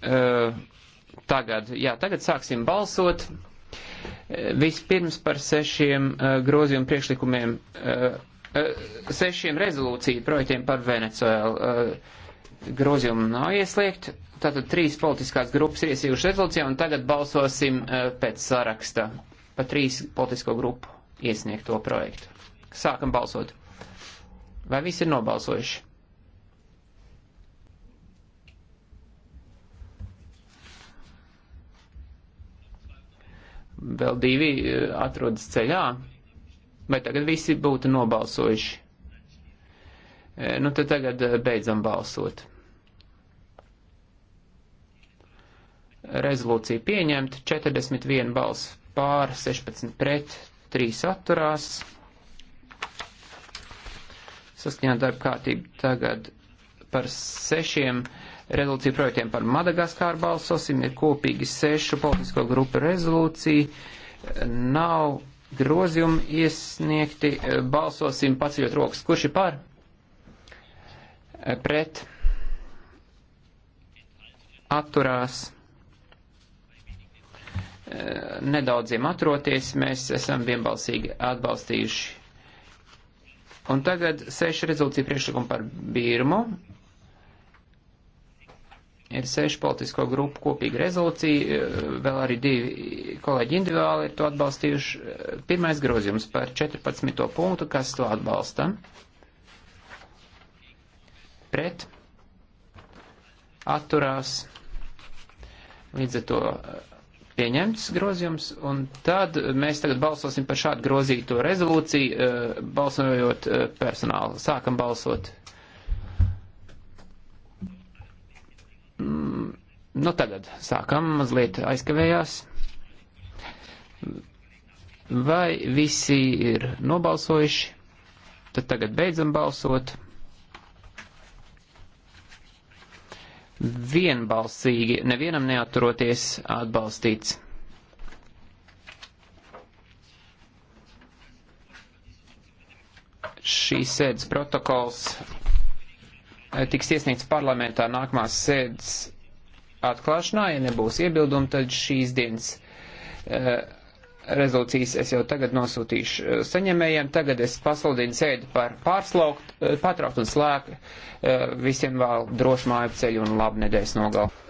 Eh, tagad. Jā, tagad sāksim balsot. Eh, vispirms par sešiem eh, grozījumu priekšlikumiem, sešiem rezolūciju projektiem par Venecuēlu. Grozījumu nav iesliegt. Tātad trīs politiskās grupas ir iesījuši rezolūcijā un tagad balsosim pēc saraksta pa trīs politisko grupu iesniegto projektu. Sākam balsot. Vai visi ir nobalsojuši? Vēl divi eh, atrodas ceļā. Vai tagad visi būtu nobalsojuši? Eh, nu, tad tagad eh, beidzam balsot. Rezolūcija pieņemta, 41 balss pār, 16 pret, 3 atturās. Saskaņā darba kārtība tagad par sešiem. Uh, rezolūciju projektiem par Madagaskāru balsosim, ir kopīgi sešu politisko grupu rezolūcija, nav grozījumi iesniegti, balsosim paceļot rokas. Kurš ir par? Pret? Atturās? Nedaudziem atroties, mēs esam vienbalsīgi atbalstījuši. Un tagad seši rezolūcija priekšlikumi par Birmu ir sešu politisko grupu kopīga rezolūcija, eh, vēl arī divi kolēģi individuāli ir to atbalstījuši. Pirmais grozījums par 14. punktu, kas to atbalsta? Pret? Atturās? Līdz ar to eh, pieņemts grozījums, un tad mēs tagad balsosim par šādu grozīto rezolūciju, eh, balsojot personālu. Sākam balsot. Nu tagad sākam, mazliet aizkavējās. Vai visi ir nobalsojuši? Tad tagad beidzam balsot. Vienbalsīgi, nevienam neaturoties atbalstīts. šīs sēdes protokols eh, tiks iesniegts parlamentā nākamās sēdes atklāšanā, ja nebūs iebildumi, tad šīs dienas eh, rezolūcijas es jau tagad nosūtīšu eh, saņemējiem. Tagad es pasludinu sēdi par pārslaukt, eh, patraukt un slēgt. Visiem vēl drošu māju ceļu un labu nedēļas nogalu.